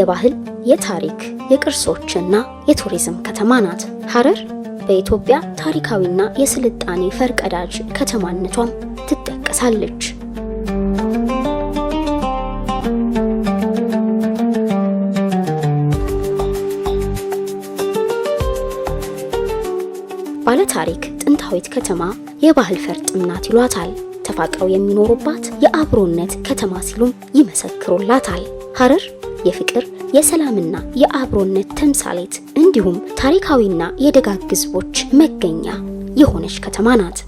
የባህል የታሪክ የቅርሶችና የቱሪዝም ከተማ ናት። ሐረር በኢትዮጵያ ታሪካዊና የስልጣኔ ፈርቀዳጅ ከተማነቷም ትጠቀሳለች። ባለታሪክ ጥንታዊት ከተማ የባህል ፈርጥም ናት ይሏታል። ተፋቅረው የሚኖሩባት የአብሮነት ከተማ ሲሉም ይመሰክሩላታል። ሐረር የፍቅር የሰላምና የአብሮነት ተምሳሌት እንዲሁም ታሪካዊና የደጋግ ግዝቦች መገኛ የሆነች ከተማ ናት።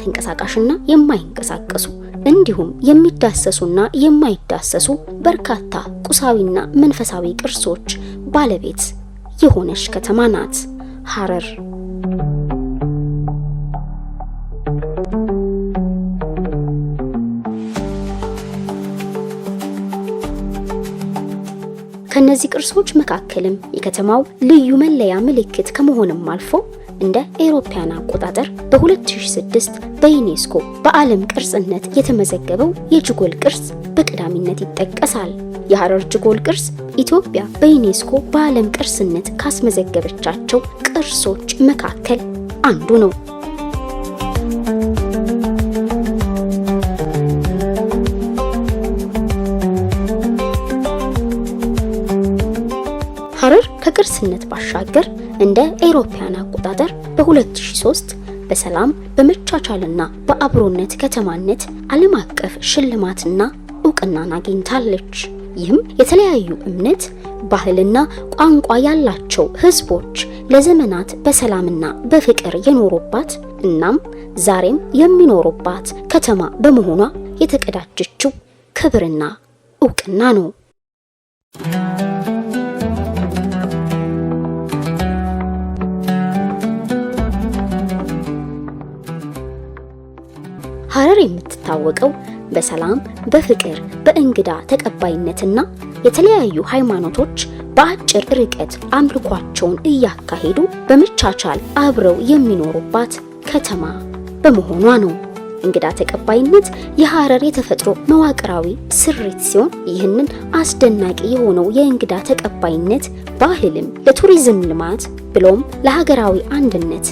ተንቀሳቃሽና የማይንቀሳቀሱ እንዲሁም የሚዳሰሱና የማይዳሰሱ በርካታ ቁሳዊና መንፈሳዊ ቅርሶች ባለቤት የሆነች ከተማ ናት ሐረር። ከነዚህ ቅርሶች መካከልም የከተማው ልዩ መለያ ምልክት ከመሆንም አልፎ እንደ ኤሮፓያን አቆጣጠር በ2006 በዩኔስኮ በዓለም ቅርስነት የተመዘገበው የጅጎል ቅርስ በቀዳሚነት ይጠቀሳል። የሐረር ጅጎል ቅርስ ኢትዮጵያ በዩኔስኮ በዓለም ቅርስነት ካስመዘገበቻቸው ቅርሶች መካከል አንዱ ነው። ከወጣትነት ባሻገር እንደ ኤሮፓያን አቆጣጠር በ2003 በሰላም በመቻቻልና በአብሮነት ከተማነት ዓለም አቀፍ ሽልማትና እውቅናን አግኝታለች። ይህም የተለያዩ እምነት፣ ባህልና ቋንቋ ያላቸው ህዝቦች ለዘመናት በሰላምና በፍቅር የኖሩባት እናም ዛሬም የሚኖሩባት ከተማ በመሆኗ የተቀዳጀችው ክብርና እውቅና ነው። የምትታወቀው በሰላም፣ በፍቅር፣ በእንግዳ ተቀባይነትና የተለያዩ ሃይማኖቶች በአጭር ርቀት አምልኳቸውን እያካሄዱ በመቻቻል አብረው የሚኖሩባት ከተማ በመሆኗ ነው። እንግዳ ተቀባይነት የሐረር የተፈጥሮ መዋቅራዊ ስሪት ሲሆን ይህንን አስደናቂ የሆነው የእንግዳ ተቀባይነት ባህልም ለቱሪዝም ልማት ብሎም ለሀገራዊ አንድነት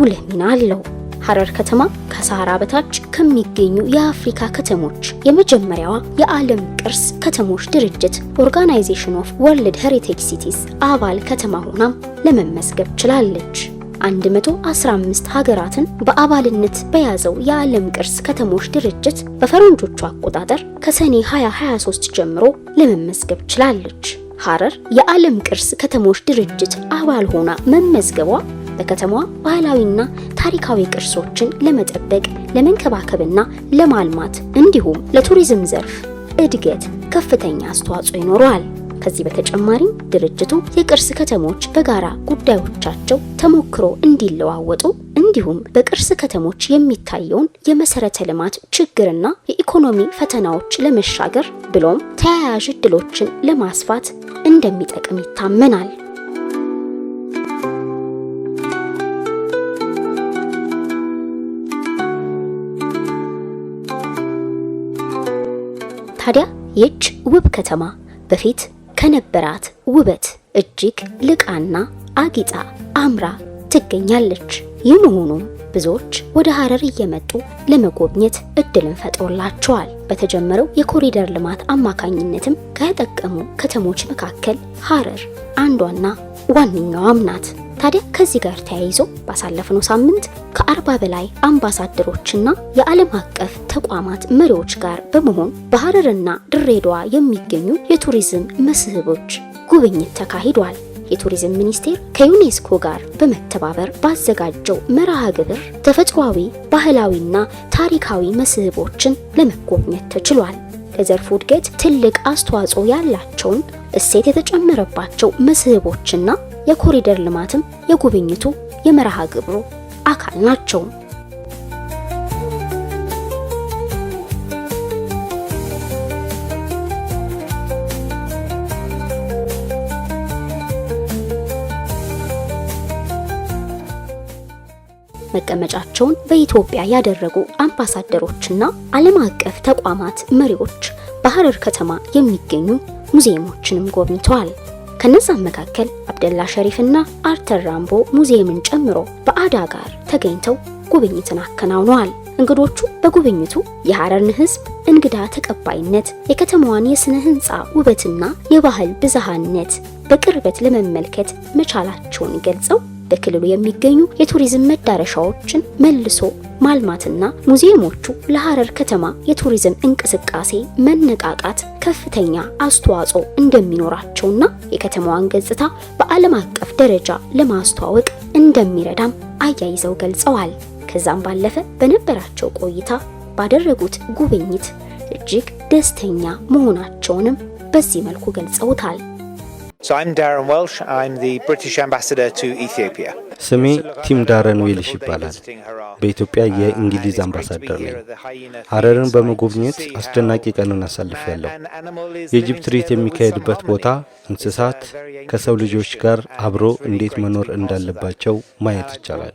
ጉልህ ሚና አለው። ሐረር ከተማ ከሰሃራ በታች ከሚገኙ የአፍሪካ ከተሞች የመጀመሪያዋ የዓለም ቅርስ ከተሞች ድርጅት ኦርጋናይዜሽን ኦፍ ወርልድ ሄሪቴጅ ሲቲስ አባል ከተማ ሆናም ለመመዝገብ ችላለች። 115 ሀገራትን በአባልነት በያዘው የዓለም ቅርስ ከተሞች ድርጅት በፈረንጆቹ አቆጣጠር ከሰኔ 2023 ጀምሮ ለመመዝገብ ችላለች። ሐረር የዓለም ቅርስ ከተሞች ድርጅት አባል ሆና መመዝገቧ በከተማዋ ባህላዊና ታሪካዊ ቅርሶችን ለመጠበቅ ለመንከባከብና ለማልማት እንዲሁም ለቱሪዝም ዘርፍ እድገት ከፍተኛ አስተዋጽኦ ይኖረዋል። ከዚህ በተጨማሪም ድርጅቱ የቅርስ ከተሞች በጋራ ጉዳዮቻቸው ተሞክሮ እንዲለዋወጡ እንዲሁም በቅርስ ከተሞች የሚታየውን የመሰረተ ልማት ችግርና የኢኮኖሚ ፈተናዎች ለመሻገር ብሎም ተያያዥ እድሎችን ለማስፋት እንደሚጠቅም ይታመናል። ታዲያ ይች ውብ ከተማ በፊት ከነበራት ውበት እጅግ ልቃና አጊጣ አምራ ትገኛለች። ይህ መሆኑም ብዙዎች ወደ ሀረር እየመጡ ለመጎብኘት እድልን ፈጥሮላቸዋል። በተጀመረው የኮሪደር ልማት አማካኝነትም ከተጠቀሙ ከተሞች መካከል ሀረር አንዷና ዋነኛዋም ናት። ታዲያ ከዚህ ጋር ተያይዞ ባሳለፍነው ሳምንት ከአርባ በላይ አምባሳደሮችና የዓለም አቀፍ ተቋማት መሪዎች ጋር በመሆን በሐረርና ድሬዳዋ የሚገኙ የቱሪዝም መስህቦች ጉብኝት ተካሂዷል። የቱሪዝም ሚኒስቴር ከዩኔስኮ ጋር በመተባበር ባዘጋጀው መርሃ ግብር ተፈጥሯዊ፣ ባህላዊና ታሪካዊ መስህቦችን ለመጎብኘት ተችሏል። ለዘርፉ እድገት ትልቅ አስተዋጽኦ ያላቸውን እሴት የተጨመረባቸው መስህቦችና የኮሪደር ልማትም የጉብኝቱ የመርሃ ግብሩ አካል ናቸው። መቀመጫቸውን በኢትዮጵያ ያደረጉ አምባሳደሮችና ዓለም አቀፍ ተቋማት መሪዎች በሐረር ከተማ የሚገኙ ሙዚየሞችንም ጎብኝተዋል። ከነዛም መካከል አብደላ ሸሪፍና አርተር ራምቦ ሙዚየምን ጨምሮ በአዳ ጋር ተገኝተው ጉብኝትን አከናውነዋል። እንግዶቹ በጉብኝቱ የሐረርን ሕዝብ እንግዳ ተቀባይነት፣ የከተማዋን የሥነ ሕንፃ ውበትና የባህል ብዝሃነት በቅርበት ለመመልከት መቻላቸውን ገልጸው በክልሉ የሚገኙ የቱሪዝም መዳረሻዎችን መልሶ ማልማትና ሙዚየሞቹ ለሐረር ከተማ የቱሪዝም እንቅስቃሴ መነቃቃት ከፍተኛ አስተዋጽኦ እንደሚኖራቸውና የከተማዋን ገጽታ በዓለም አቀፍ ደረጃ ለማስተዋወቅ እንደሚረዳም አያይዘው ገልጸዋል። ከዛም ባለፈ በነበራቸው ቆይታ ባደረጉት ጉብኝት እጅግ ደስተኛ መሆናቸውንም በዚህ መልኩ ገልጸውታል። ስሜ ቲም ዳረን ዌልሽ ይባላል። በኢትዮጵያ የእንግሊዝ አምባሳደር ነኝ። ሀረርን በመጎብኘት አስደናቂ ቀንን ያለው የጅብ ትርኢት የሚካሄድበት ቦታ እንስሳት ከሰው ልጆች ጋር አብሮ እንዴት መኖር እንዳለባቸው ማየት ይቻላል።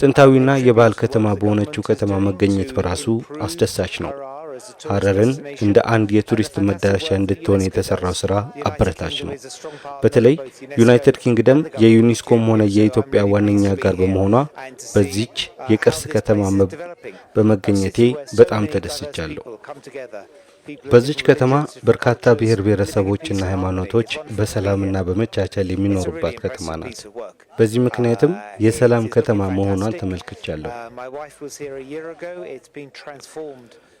ጥንታዊና የባህል ከተማ በሆነችው ከተማ መገኘት በራሱ አስደሳች ነው። ሐረርን እንደ አንድ የቱሪስት መዳረሻ እንድትሆን የተሰራው ስራ አበረታች ነው። በተለይ ዩናይትድ ኪንግደም የዩኒስኮም ሆነ የኢትዮጵያ ዋነኛ ጋር በመሆኗ በዚች የቅርስ ከተማ በመገኘቴ በጣም ተደስቻለሁ። በዚች ከተማ በርካታ ብሔር ብሔረሰቦችና ሃይማኖቶች በሰላምና በመቻቻል የሚኖሩባት ከተማ ናት። በዚህ ምክንያትም የሰላም ከተማ መሆኗን ተመልክቻለሁ።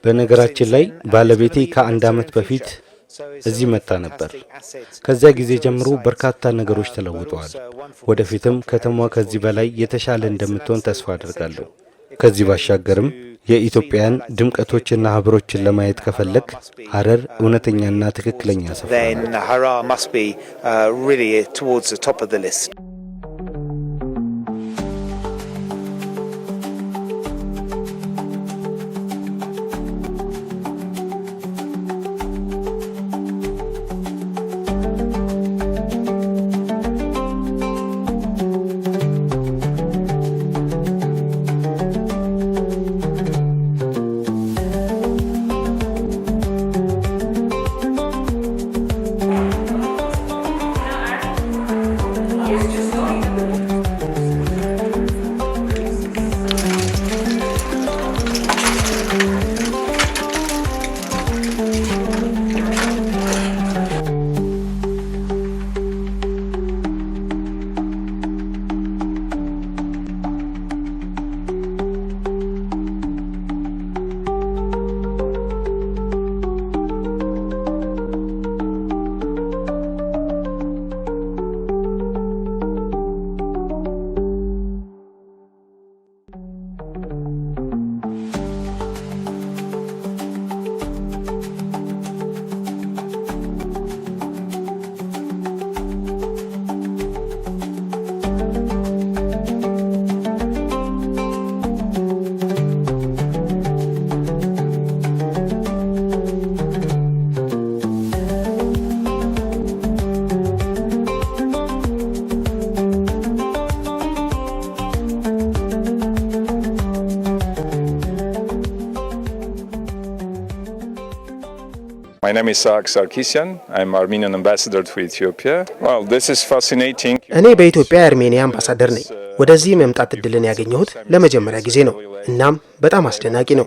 በነገራችን ላይ ባለቤቴ ከአንድ ዓመት በፊት እዚህ መጣ ነበር። ከዚያ ጊዜ ጀምሮ በርካታ ነገሮች ተለውጠዋል። ወደፊትም ከተማዋ ከዚህ በላይ የተሻለ እንደምትሆን ተስፋ አድርጋለሁ። ከዚህ ባሻገርም የኢትዮጵያን ድምቀቶችና ሀብሮችን ለማየት ከፈለግ ሀረር እውነተኛና ትክክለኛ ስፍራ እኔ በኢትዮጵያ የአርሜኒያ አምባሳደር ነኝ። ወደዚህ መምጣት እድልን ያገኘሁት ለመጀመሪያ ጊዜ ነው። እናም በጣም አስደናቂ ነው።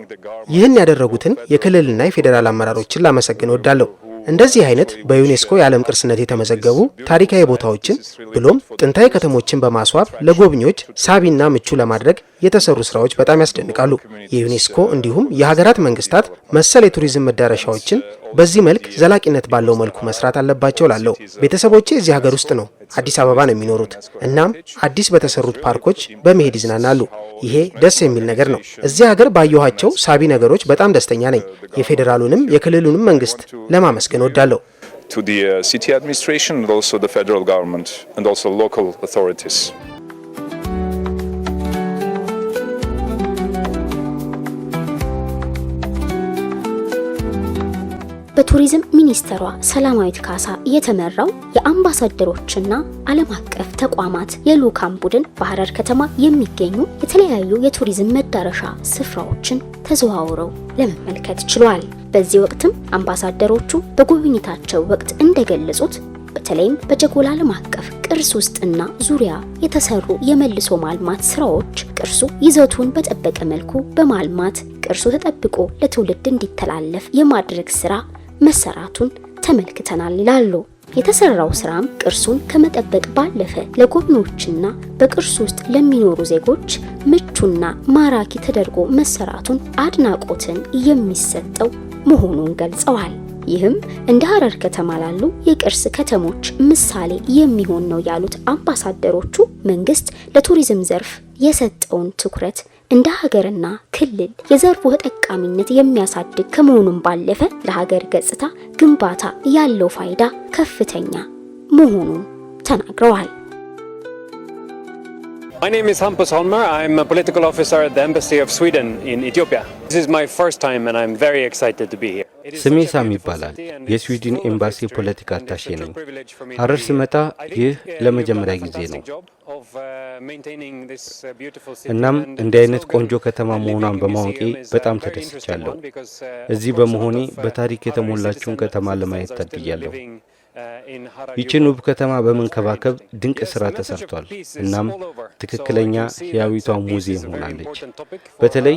ይህን ያደረጉትን የክልልና የፌዴራል አመራሮችን ላመሰግን እወዳለሁ። እንደዚህ አይነት በዩኔስኮ የዓለም ቅርስነት የተመዘገቡ ታሪካዊ ቦታዎችን ብሎም ጥንታዊ ከተሞችን በማስዋብ ለጎብኚዎች ሳቢና ምቹ ለማድረግ የተሰሩ ስራዎች በጣም ያስደንቃሉ። የዩኔስኮ እንዲሁም የሀገራት መንግስታት መሰል የቱሪዝም መዳረሻዎችን በዚህ መልክ ዘላቂነት ባለው መልኩ መስራት አለባቸው ላለው ቤተሰቦቼ እዚህ ሀገር ውስጥ ነው አዲስ አበባ ነው የሚኖሩት። እናም አዲስ በተሰሩት ፓርኮች በመሄድ ይዝናናሉ። ይሄ ደስ የሚል ነገር ነው። እዚህ ሀገር ባየኋቸው ሳቢ ነገሮች በጣም ደስተኛ ነኝ። የፌዴራሉንም የክልሉንም መንግስት ለማመስገን ወዳለሁ። ሲቲ the uh, city administration, በቱሪዝም ሚኒስትሯ ሰላማዊት ካሳ የተመራው የአምባሳደሮችና ዓለም አቀፍ ተቋማት የልዑካን ቡድን በሐረር ከተማ የሚገኙ የተለያዩ የቱሪዝም መዳረሻ ስፍራዎችን ተዘዋውረው ለመመልከት ችሏል። በዚህ ወቅትም አምባሳደሮቹ በጉብኝታቸው ወቅት እንደገለጹት በተለይም በጀጎል ዓለም አቀፍ ቅርስ ውስጥና ዙሪያ የተሰሩ የመልሶ ማልማት ስራዎች ቅርሱ ይዘቱን በጠበቀ መልኩ በማልማት ቅርሱ ተጠብቆ ለትውልድ እንዲተላለፍ የማድረግ ስራ መሰራቱን ተመልክተናል ይላሉ። የተሰራው ስራም ቅርሱን ከመጠበቅ ባለፈ ለጎብኚዎችና በቅርሱ ውስጥ ለሚኖሩ ዜጎች ምቹና ማራኪ ተደርጎ መሰራቱን አድናቆትን የሚሰጠው መሆኑን ገልጸዋል። ይህም እንደ ሀረር ከተማ ላሉ የቅርስ ከተሞች ምሳሌ የሚሆን ነው ያሉት አምባሳደሮቹ መንግስት ለቱሪዝም ዘርፍ የሰጠውን ትኩረት እንደ ሀገርና ክልል የዘርፉ ተጠቃሚነት የሚያሳድግ ከመሆኑም ባለፈ ለሀገር ገጽታ ግንባታ ያለው ፋይዳ ከፍተኛ መሆኑን ተናግረዋል። My name is Hampus Holmer. I'm a political officer at the Embassy of Sweden in Ethiopia. This is my first time and I'm very excited to be here. ስሜ ሳም ይባላል። የስዊድን ኤምባሲ ፖለቲካ አታሼ ነኝ። ሀረር ስመጣ ይህ ለመጀመሪያ ጊዜ ነው። እናም እንዲህ አይነት ቆንጆ ከተማ መሆኗን በማወቄ በጣም ተደስቻለሁ። እዚህ በመሆኔ በታሪክ የተሞላችውን ከተማ ለማየት ታድያለሁ። ይችን ውብ ከተማ በመንከባከብ ድንቅ ስራ ተሰርቷል። እናም ትክክለኛ ሕያዊቷ ሙዚየም ሆናለች። በተለይ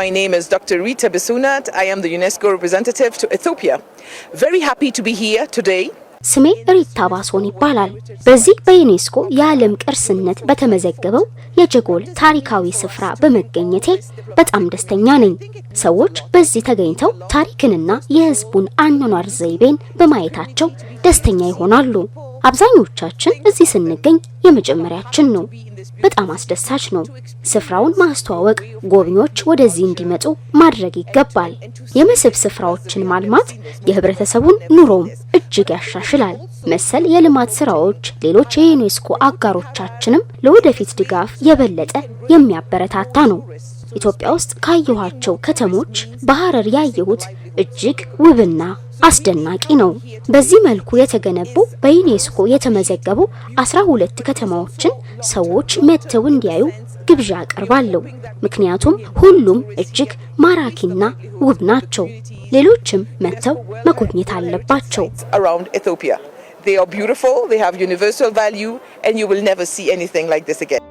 My name is Dr. Rita Bisunat. I am the UNESCO representative to Ethiopia. Very happy to be here today. ስሜ ሪታ ባሶን ይባላል። በዚህ በዩኔስኮ የዓለም ቅርስነት በተመዘገበው የጀጎል ታሪካዊ ስፍራ በመገኘቴ በጣም ደስተኛ ነኝ። ሰዎች በዚህ ተገኝተው ታሪክንና የሕዝቡን አኗኗር ዘይቤን በማየታቸው ደስተኛ ይሆናሉ። አብዛኞቻችን እዚህ ስንገኝ የመጀመሪያችን ነው። በጣም አስደሳች ነው። ስፍራውን ማስተዋወቅ፣ ጎብኚዎች ወደዚህ እንዲመጡ ማድረግ ይገባል። የመስህብ ስፍራዎችን ማልማት የህብረተሰቡን ኑሮም እጅግ ያሻሽላል። መሰል የልማት ስራዎች ሌሎች የዩኔስኮ አጋሮቻችንም ለወደፊት ድጋፍ የበለጠ የሚያበረታታ ነው። ኢትዮጵያ ውስጥ ካየኋቸው ከተሞች በሐረር ያየሁት እጅግ ውብና አስደናቂ ነው። በዚህ መልኩ የተገነቡ በዩኔስኮ የተመዘገቡ አስራ ሁለት ከተማዎችን ሰዎች መጥተው እንዲያዩ ግብዣ አቀርባለሁ። ምክንያቱም ሁሉም እጅግ ማራኪና ውብ ናቸው። ሌሎችም መጥተው መጎብኘት አለባቸው። this again.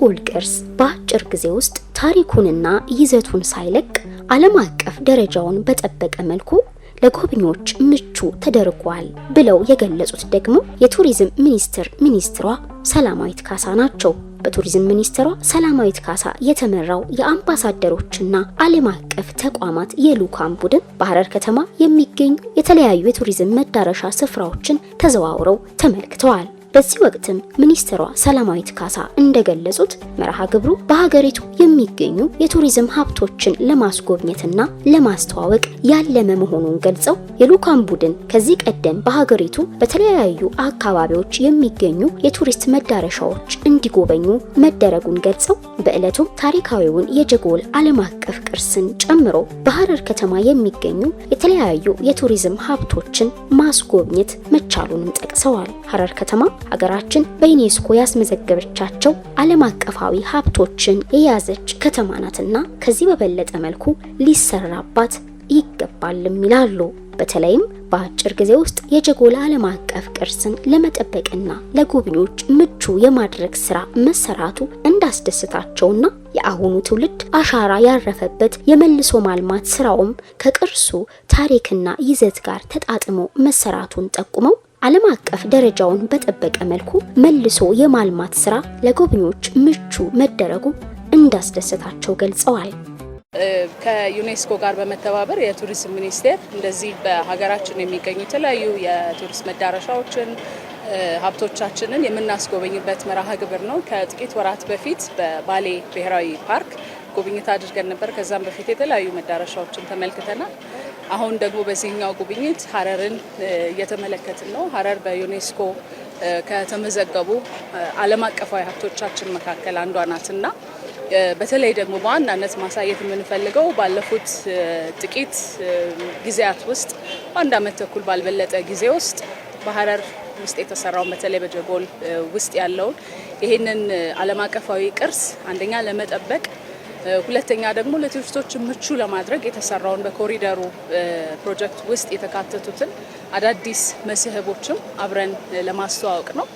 የጎል ቅርስ በአጭር ጊዜ ውስጥ ታሪኩንና ይዘቱን ሳይለቅ ዓለም አቀፍ ደረጃውን በጠበቀ መልኩ ለጎብኚዎች ምቹ ተደርጓል ብለው የገለጹት ደግሞ የቱሪዝም ሚኒስቴር ሚኒስትሯ ሰላማዊት ካሳ ናቸው። በቱሪዝም ሚኒስትሯ ሰላማዊት ካሳ የተመራው የአምባሳደሮችና ዓለም አቀፍ ተቋማት የልዑካን ቡድን በሐረር ከተማ የሚገኙ የተለያዩ የቱሪዝም መዳረሻ ስፍራዎችን ተዘዋውረው ተመልክተዋል። በዚህ ወቅትም ሚኒስትሯ ሰላማዊት ካሳ እንደገለጹት መርሃ ግብሩ በሀገሪቱ የሚገኙ የቱሪዝም ሀብቶችን ለማስጎብኘትና ለማስተዋወቅ ያለመ መሆኑን ገልጸው የልዑካን ቡድን ከዚህ ቀደም በሀገሪቱ በተለያዩ አካባቢዎች የሚገኙ የቱሪስት መዳረሻዎች እንዲጎበኙ መደረጉን ገልጸው በዕለቱም ታሪካዊውን የጀጎል ዓለም አቀፍ ቅርስን ጨምሮ በሀረር ከተማ የሚገኙ የተለያዩ የቱሪዝም ሀብቶችን ማስጎብኘት መቻሉንም ጠቅሰዋል። ሀረር ከተማ ሀገራችን በዩኔስኮ ያስመዘገበቻቸው ዓለም አቀፋዊ ሀብቶችን የያዘች ከተማ ናትና ከዚህ በበለጠ መልኩ ሊሰራባት ይገባልም ይላሉ። በተለይም በአጭር ጊዜ ውስጥ የጀጎላ ዓለም አቀፍ ቅርስን ለመጠበቅና ለጎብኚዎች ምቹ የማድረግ ስራ መሰራቱ እንዳስደስታቸውና የአሁኑ ትውልድ አሻራ ያረፈበት የመልሶ ማልማት ስራውም ከቅርሱ ታሪክና ይዘት ጋር ተጣጥሞ መሰራቱን ጠቁመው ዓለም አቀፍ ደረጃውን በጠበቀ መልኩ መልሶ የማልማት ስራ ለጎብኚዎች ምቹ መደረጉ እንዳስደሰታቸው ገልጸዋል። ከዩኔስኮ ጋር በመተባበር የቱሪዝም ሚኒስቴር እንደዚህ በሀገራችን የሚገኙ የተለያዩ የቱሪስት መዳረሻዎችን ሀብቶቻችንን የምናስጎበኝበት መርሃ ግብር ነው። ከጥቂት ወራት በፊት በባሌ ብሔራዊ ፓርክ ጉብኝት አድርገን ነበር። ከዛም በፊት የተለያዩ መዳረሻዎችን ተመልክተናል። አሁን ደግሞ በዚህኛው ጉብኝት ሀረርን እየተመለከትን ነው። ሀረር በዩኔስኮ ከተመዘገቡ ዓለም አቀፋዊ ሀብቶቻችን መካከል አንዷ ናትና በተለይ ደግሞ በዋናነት ማሳየት የምንፈልገው ባለፉት ጥቂት ጊዜያት ውስጥ በአንድ ዓመት ተኩል ባልበለጠ ጊዜ ውስጥ በሀረር ውስጥ የተሰራውን በተለይ በጀጎል ውስጥ ያለውን ይህንን ዓለም አቀፋዊ ቅርስ አንደኛ ለመጠበቅ ሁለተኛ ደግሞ ለቱሪስቶች ምቹ ለማድረግ የተሰራውን በኮሪደሩ ፕሮጀክት ውስጥ የተካተቱትን አዳዲስ መስህቦችም አብረን ለማስተዋወቅ ነው።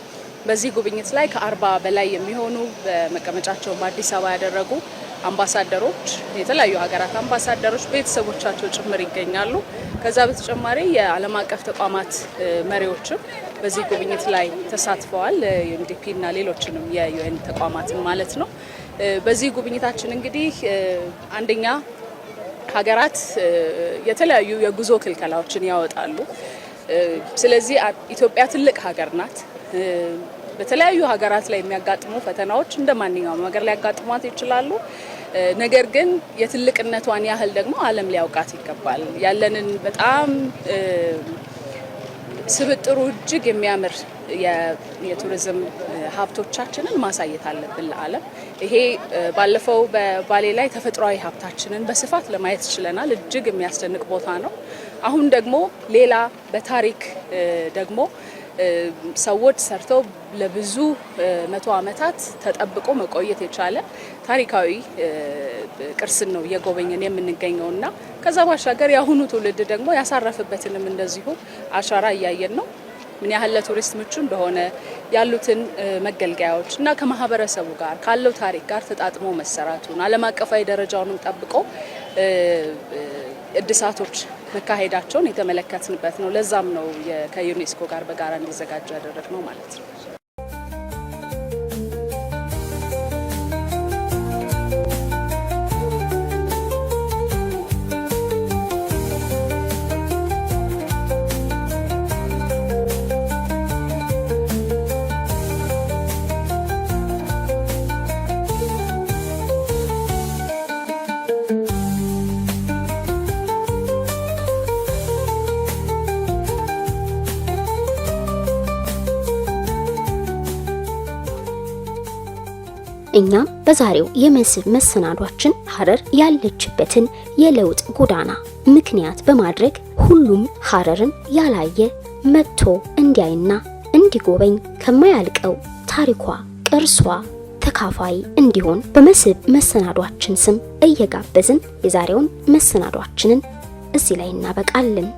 በዚህ ጉብኝት ላይ ከአርባ በላይ የሚሆኑ በመቀመጫቸውን በአዲስ አበባ ያደረጉ አምባሳደሮች፣ የተለያዩ ሀገራት አምባሳደሮች ቤተሰቦቻቸው ጭምር ይገኛሉ። ከዛ በተጨማሪ የዓለም አቀፍ ተቋማት መሪዎችም በዚህ ጉብኝት ላይ ተሳትፈዋል። ዩኤንዲፒ እና ሌሎችንም የዩኤን ተቋማትን ማለት ነው። በዚህ ጉብኝታችን እንግዲህ አንደኛ ሀገራት የተለያዩ የጉዞ ክልከላዎችን ያወጣሉ። ስለዚህ ኢትዮጵያ ትልቅ ሀገር ናት። በተለያዩ ሀገራት ላይ የሚያጋጥሙ ፈተናዎች እንደ ማንኛውም ሀገር ሊያጋጥሟት ይችላሉ። ነገር ግን የትልቅነቷን ያህል ደግሞ ዓለም ሊያውቃት ይገባል። ያለንን በጣም ስብጥሩ እጅግ የሚያምር የቱሪዝም ሀብቶቻችንን ማሳየት አለብን ለዓለም። ይሄ ባለፈው በባሌ ላይ ተፈጥሯዊ ሀብታችንን በስፋት ለማየት ችለናል። እጅግ የሚያስደንቅ ቦታ ነው። አሁን ደግሞ ሌላ በታሪክ ደግሞ ሰዎች ሰርተው ለብዙ መቶ ዓመታት ተጠብቆ መቆየት የቻለ ታሪካዊ ቅርስን ነው እየጎበኘን የምንገኘው እና ከዛ ባሻገር የአሁኑ ትውልድ ደግሞ ያሳረፍበትንም እንደዚሁ አሻራ እያየን ነው። ምን ያህል ለቱሪስት ምቹ እንደሆነ ያሉትን መገልገያዎች እና ከማህበረሰቡ ጋር ካለው ታሪክ ጋር ተጣጥሞ መሰራቱን ዓለም አቀፋዊ ደረጃውንም ጠብቆ እድሳቶች መካሄዳቸውን የተመለከትንበት ነው። ለዛም ነው ከዩኔስኮ ጋር በጋራ እንዲዘጋጁ ያደረግነው ማለት ነው። እኛም በዛሬው የመስህብ መሰናዷችን ሀረር ያለችበትን የለውጥ ጎዳና ምክንያት በማድረግ ሁሉም ሀረርን ያላየ መጥቶ እንዲያይና እንዲጎበኝ ከማያልቀው ታሪኳ፣ ቅርሷ ተካፋይ እንዲሆን በመስህብ መሰናዷችን ስም እየጋበዝን የዛሬውን መሰናዷችንን እዚህ ላይ እናበቃለን።